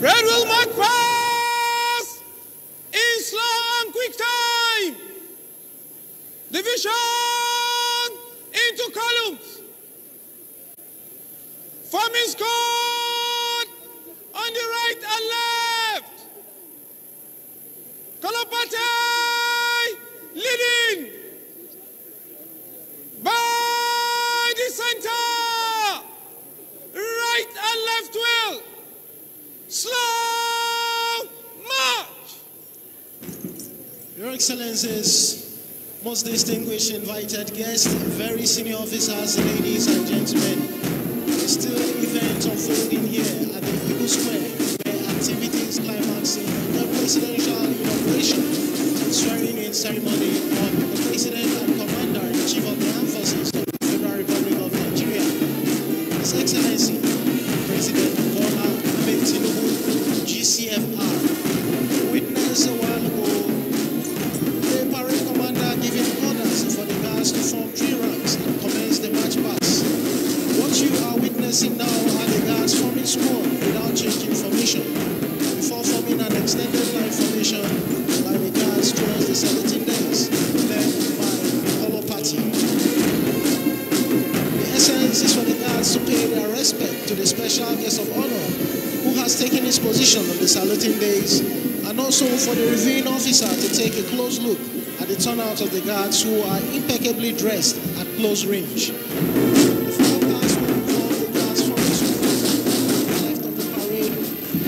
Red will mark Excellencies, most distinguished invited guests, very senior officers, ladies and gentlemen, still events unfolding here at the People Square, where activities climaxing the presidential inauguration swearing-in ceremony of the president bodyguards who are impeccably dressed at close range.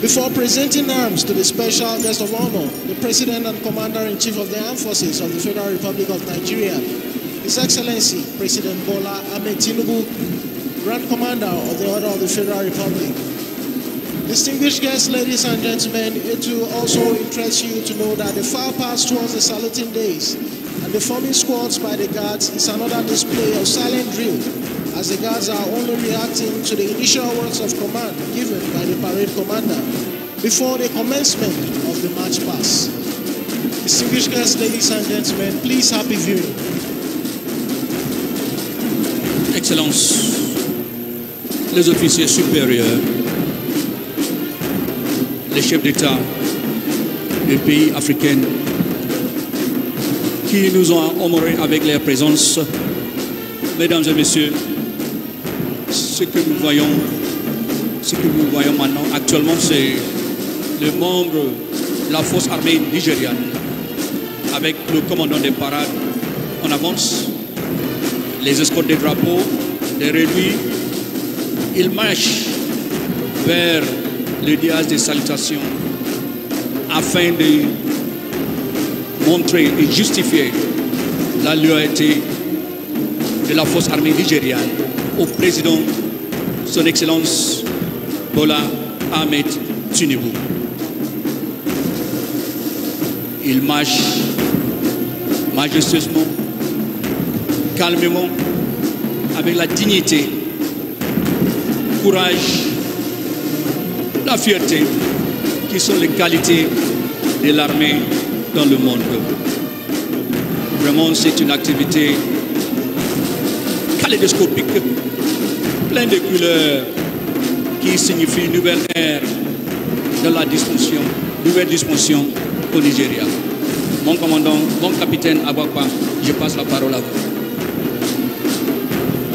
Before presenting arms to the special guest of honor, the President and Commander-in-Chief of the Armed Forces of the Federal Republic of Nigeria, His Excellency President Bola Ahmed Tinubu, Grand Commander of the Order of the Federal Republic. Distinguished guests, ladies and gentlemen, it will also interest you to know that the far past towards the saluting days the forming squads by the guards is another display of silent drill, as the guards are only reacting to the initial words of command given by the parade commander before the commencement of the march pass. Distinguished guests, ladies and gentlemen, please happy viewing. Excellence, les officiers supérieurs, les chefs d'État des pays africains nous ont honoré avec leur présence. Mesdames et messieurs, ce que nous voyons, ce que nous voyons maintenant actuellement, c'est le membre de la force armée nigériane avec le commandant des parades en avance, les escortes des drapeaux, des réduits. Ils marchent vers le diage des salutations afin de montrer et justifier la loyauté de la force armée nigériane au président, son Excellence Bola Ahmed Tinubu. Il marche majestueusement, calmement, avec la dignité, le courage, la fierté, qui sont les qualités de l'armée dans le monde. Vraiment, c'est une activité kaléidoscopique, pleine de couleurs, qui signifie nouvelle ère de la dysfonction, nouvelle disposition au Nigeria. Mon commandant, mon capitaine Abakwa, je passe la parole à vous.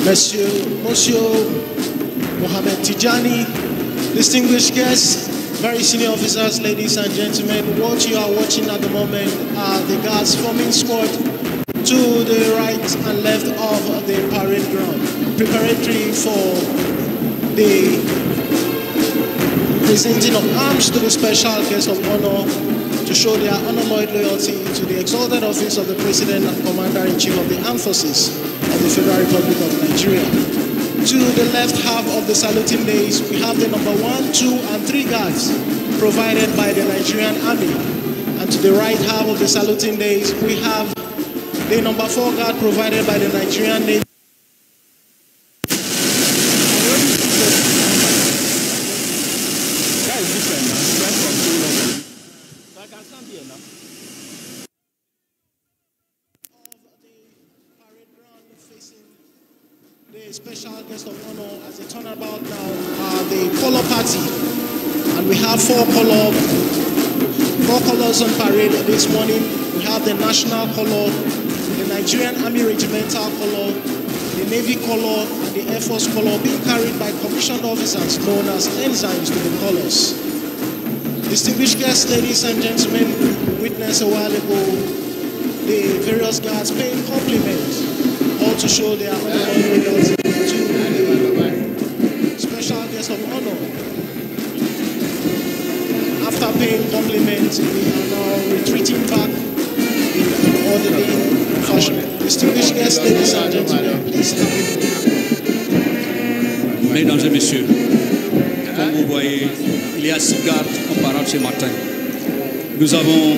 Monsieur, Monsieur Mohamed Tijani, distinguished guests, Very senior officers, ladies and gentlemen, what you are watching at the moment are the guards forming squad to the right and left of the parade ground, preparatory for the presenting of arms to the special guest of honor to show their unalloyed loyalty to the exalted office of the President and Commander-in-Chief of the Armed Forces of the Federal Republic of Nigeria. To the left half of the saluting base, we have the number one, two, and three guards provided by the Nigerian Army. And to the right half of the saluting base, we have the number four guard provided by the Nigerian Navy. The special guest of honor as a turnabout now are the color party. And we have four color, four colors on parade this morning. We have the national color, the Nigerian Army Regimental color, the Navy color, and the Air Force color being carried by commissioned officers known as ensigns to the colors. Distinguished guests, ladies and gentlemen, witness witnessed a while ago the various guards paying compliments to show their loyalty to special guest of honor. After paying compliments, we are now retreating back in order the fashion. Distinguished guests, ladies and gentlemen, please come Mesdames et messieurs, comme vous voyez, il y a six gardes comparables ce matin. Nous avons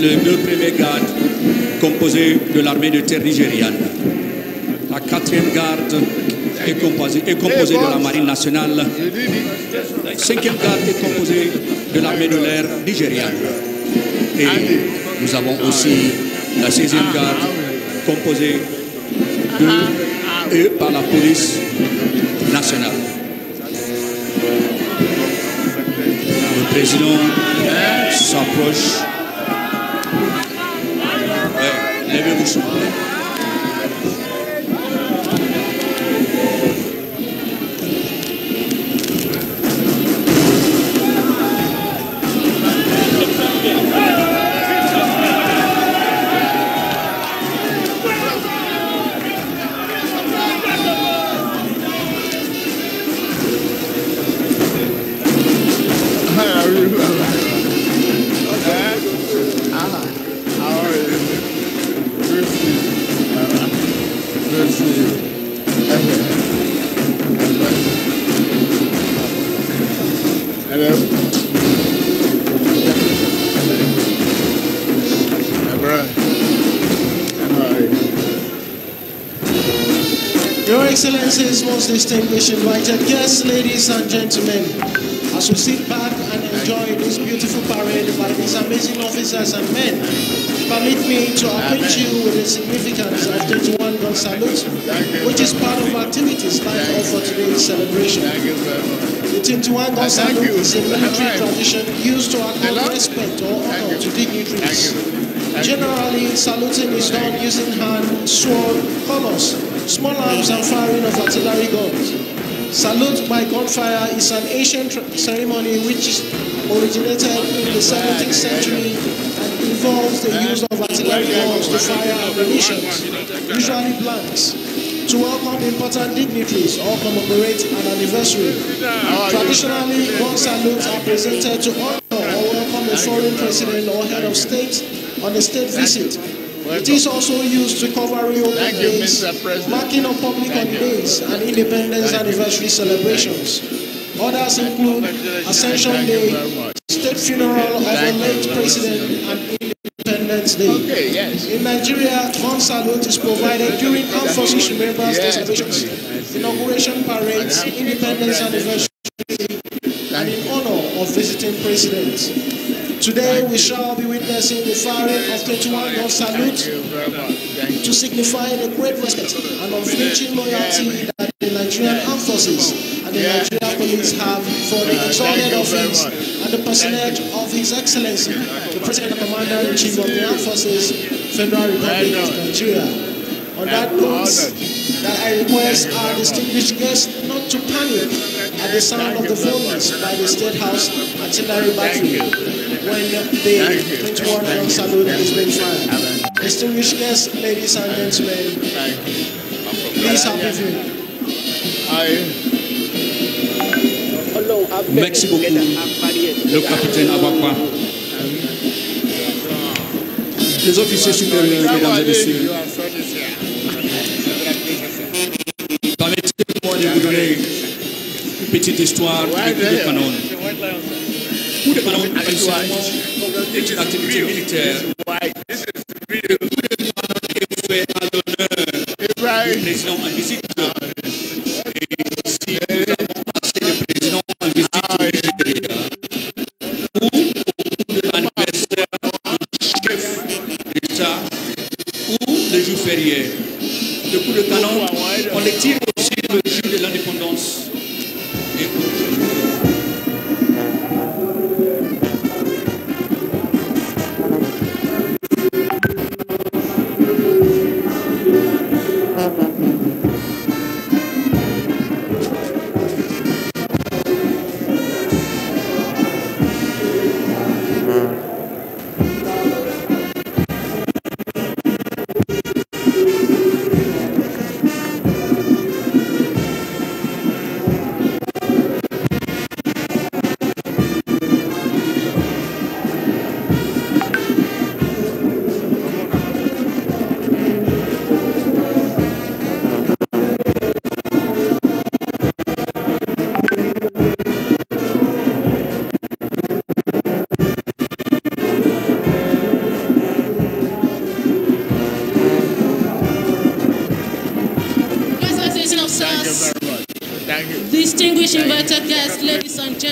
le deux premiers gardes composé de l'armée de terre nigériane. La quatrième garde est composée, est composée de la marine nationale. La cinquième garde est composée de l'armée de l'air nigériane. Et nous avons aussi la sixième e garde composée de par la police nationale. Le président s'approche Ne wiem, is most distinguished invited guests, ladies and gentlemen, as we sit back and enjoy this beautiful parade by these amazing officers and men, permit me to acquaint you with the significance of 21 gun salute, which is part of activities like offer today's celebration. The 21 gun salute is a military tradition used to accord respect or honor to dignitaries. Generally, saluting is done using hand, sword, colors, small arms, and firing of artillery guns. Salute by gunfire is an ancient ceremony which originated in the 17th century and involves the use of artillery guns to fire munitions, usually blanks, to welcome important dignitaries or commemorate an anniversary. Traditionally, gun salutes are presented to honor or welcome a foreign president or head of state on a state visit. It is also used to cover reopening days, marking of public holidays and independence anniversary celebrations. Others include Ascension Day, state funeral of a late president and Independence Day. In Nigeria, one salute is provided during armed forces remembrance celebrations, inauguration parades, independence anniversary, and in honor of visiting presidents. Today we shall be witnessing the firing of 21 gun salute to signify the great respect and unflinching loyalty that the Nigerian Armed Forces and the Nigerian Police have for the exalted office and the personage of His Excellency, the President and Commander-in-Chief of the Armed Forces, Federal Republic of Nigeria. On that note, that I request our distinguished guests not to panic at the sound of the fullness by the State House Artillery Battery when the 21 round salute has been fired. Distinguished guests, ladies and gentlemen, please have a view. Mexico, le capitaine Abakwa. Les officiers supérieurs, mesdames et messieurs. petite histoire du ouais, le Canon. Coup de Canon a une activité militaire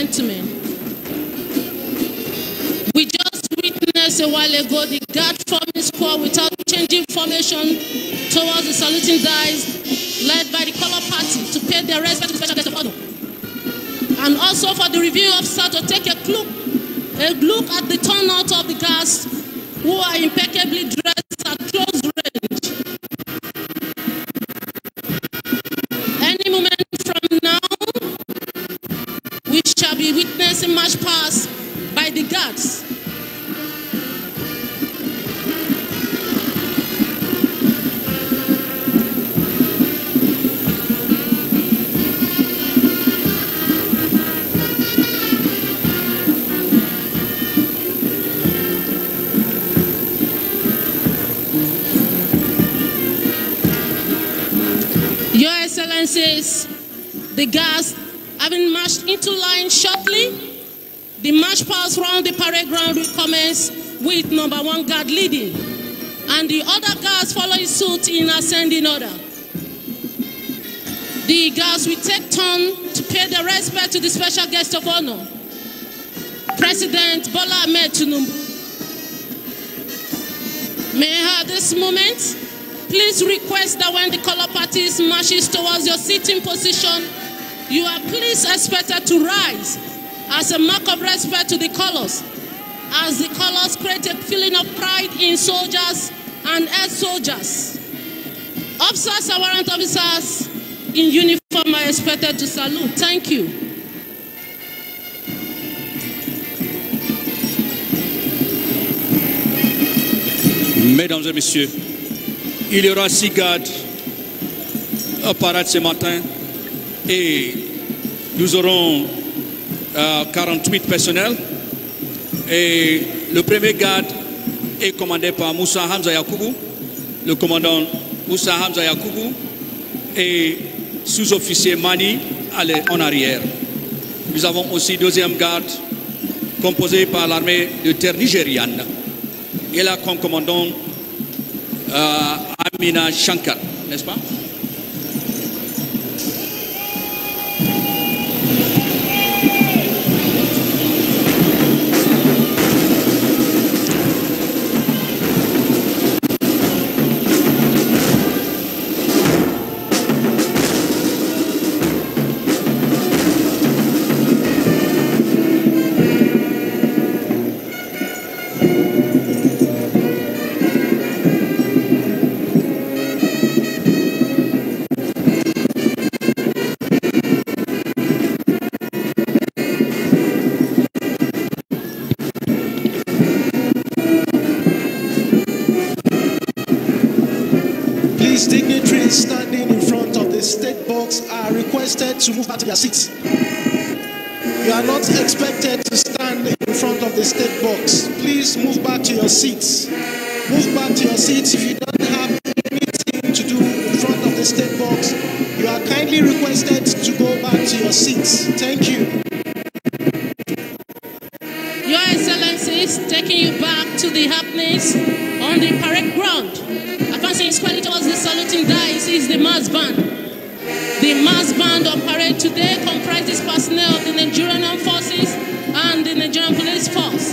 gentlemen, we just witnessed a while ago the guard forming squad without changing formation towards the saluting guys led by the color party to pay their respect to the special guest of honor. And also for the review officer to take a look, a look at the turnout of the guards who are impeccably the guards having marched into line shortly, the march pass round the parade ground will commence with number one guard leading, and the other guards following suit in ascending order. The guards will take turn to pay their respect to the special guest of honor, President Bola Ahmed Tinubu. May I have this moment? please request that when the color parties marches towards your sitting position, you are please expected to rise as a mark of respect to the colors, as the colors create a feeling of pride in soldiers and ex-soldiers. Officers and warrant officers in uniform are expected to salute. Thank you. Mesdames et messieurs, Il y aura six gardes à parade ce matin et nous aurons 48 euh, personnels. Et le premier garde est commandé par Moussa Hamza Yakubu, le commandant Moussa Hamza Yakubu et sous-officier Mani en arrière. Nous avons aussi deuxième garde composée par l'armée de terre nigériane. Et là, comme commandant Amina uh, Shankar, n'est-ce pas to move back to their seats. You are not expected to stand in front of the state box. Please move back to your seats. Move back to your seats if you don't have anything to do in front of the state box. You are kindly requested to go back to your seats. Thank you. Your Excellencies, taking you back to the happenings on the parade ground. Advancing squarely towards the saluting dice is the mass band. The mass band on parade today comprises personnel of the Nigerian Armed Forces and the Nigerian Police Force.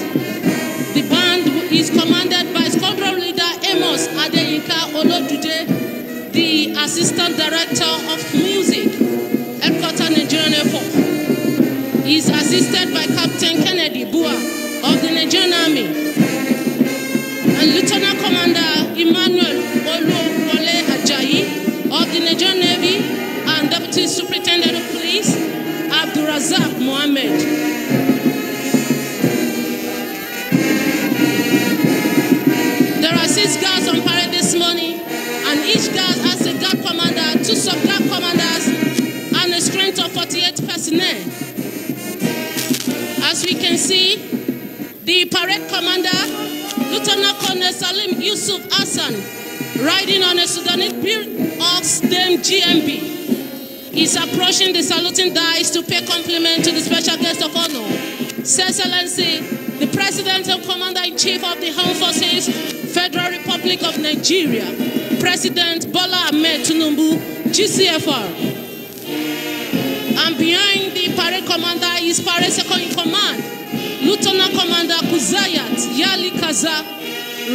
The band is commanded by squadron leader Amos Adeyinka Olodude, the Assistant Director of Music, Headquarter Nigerian Air Force. He is assisted by Captain Kennedy Bua of the Nigerian Army and Lieutenant see the parade commander, Lieutenant Colonel Salim Yusuf Hassan, riding on a Sudanese built ox dem GMB. He's approaching the saluting dice to pay compliment to the special guest of honor, His Excellency, the President and Commander-in-Chief of the Home Forces, Federal Republic of Nigeria, President Bola Ahmed Tinubu, GCFR. And behind the parade commander is parade second in command, Lieutenant Commander Kuzayat Yali Kaza,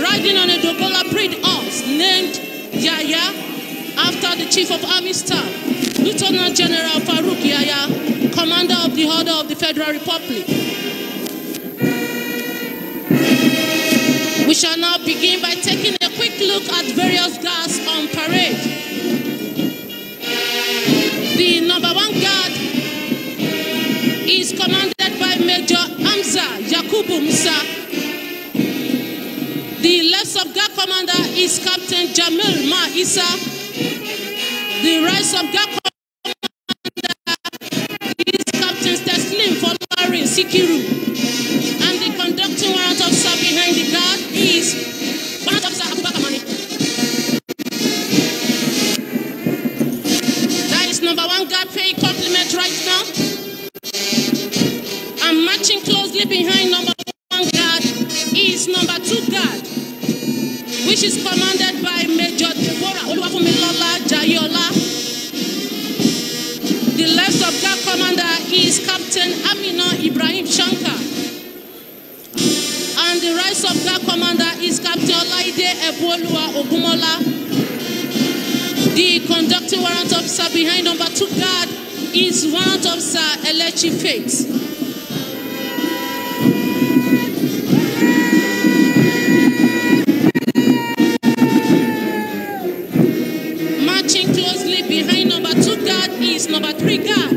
riding on a Dogola breed horse named Yaya after the Chief of Army Staff, Lieutenant General Farouk Yaya, Commander of the Order of the Federal Republic. We shall now begin by taking a quick look at various guards on parade. Musa, Yakubu Musa. The left sub-guard commander is Captain Jamil Ma Isa. The right sub-guard is number two guard, which is commanded by Major Deborah Oluwafumilola Jayola. The left of guard commander is Captain Amina Ibrahim Shankar. And the right of guard commander is Captain Olaide Ebolua Ogumola. The conducting warrant officer behind number two guard is warrant officer Elechi Fakes. pregar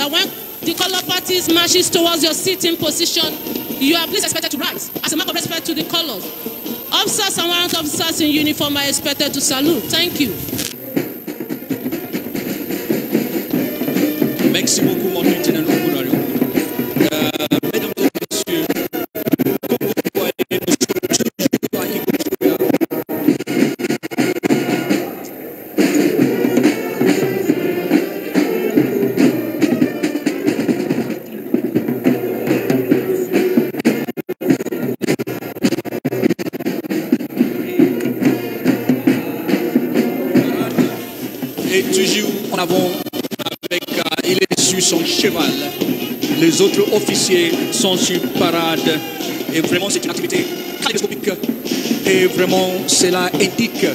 that when the color parties marches towards your sitting position, you are please expected to rise as a mark of respect to the colors. Officers and warrant officers in uniform are expected to salute. Thank you. Merci beaucoup, mon son cheval. Les autres officiers sont sur parade. Et vraiment, c'est une activité kaléidoscopique. Et vraiment, cela indique.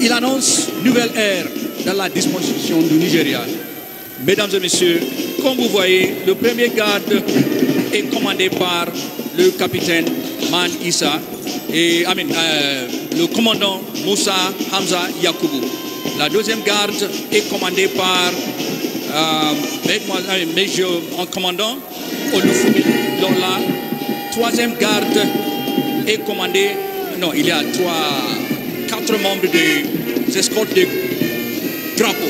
Il annonce nouvelle ère dans la disposition du Nigeria. Mesdames et messieurs, comme vous voyez, le premier garde est commandé par le capitaine Man Issa et euh, le commandant Moussa Hamza Yakubu. La deuxième garde est commandée par euh, major en commandant au dans la troisième garde est commandé, non, il y a trois, quatre membres des escortes de drapeau.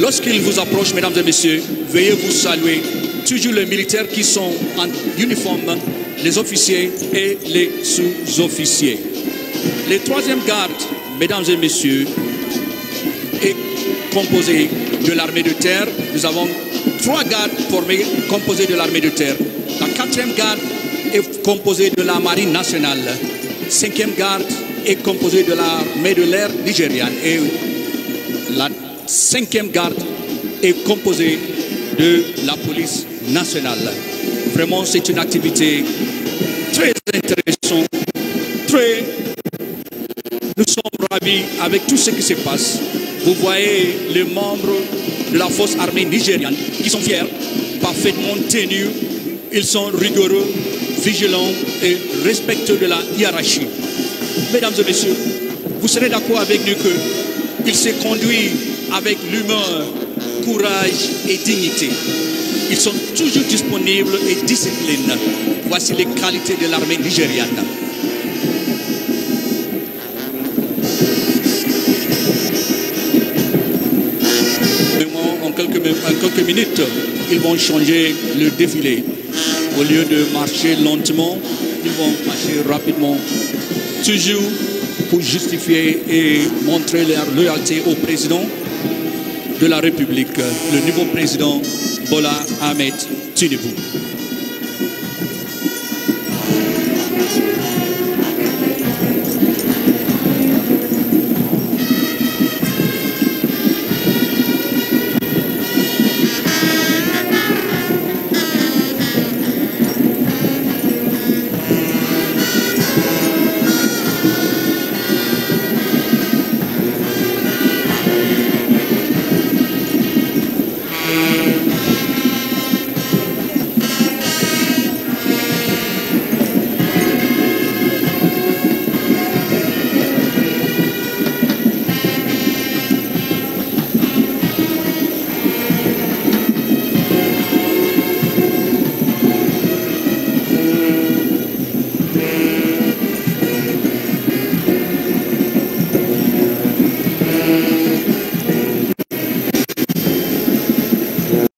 Lorsqu'ils vous approchent, mesdames et messieurs, veuillez vous saluer. Toujours les militaires qui sont en uniforme, les officiers et les sous-officiers. Les troisième garde, mesdames et messieurs, est composée de l'armée de terre. Nous avons trois gardes formés, composés de l'armée de terre. La quatrième garde est composée de la marine nationale. Cinquième garde est composée de l'armée de l'air nigériane. Et la cinquième garde est composée de la police nationale. Vraiment, c'est une activité très intéressante, très... Nous sommes ravis avec tout ce qui se passe. Vous voyez les membres de la force armée nigériane qui sont fiers, parfaitement tenus. Ils sont rigoureux, vigilants et respectueux de la hiérarchie. Mesdames et messieurs, vous serez d'accord avec nous qu'ils se conduisent avec l'humeur, courage et dignité. Ils sont toujours disponibles et disciplinés. Voici les qualités de l'armée nigériane. ils vont changer le défilé. Au lieu de marcher lentement, ils vont marcher rapidement. Toujours pour justifier et montrer leur loyauté au président de la République, le nouveau président Bola Ahmed Tinubu.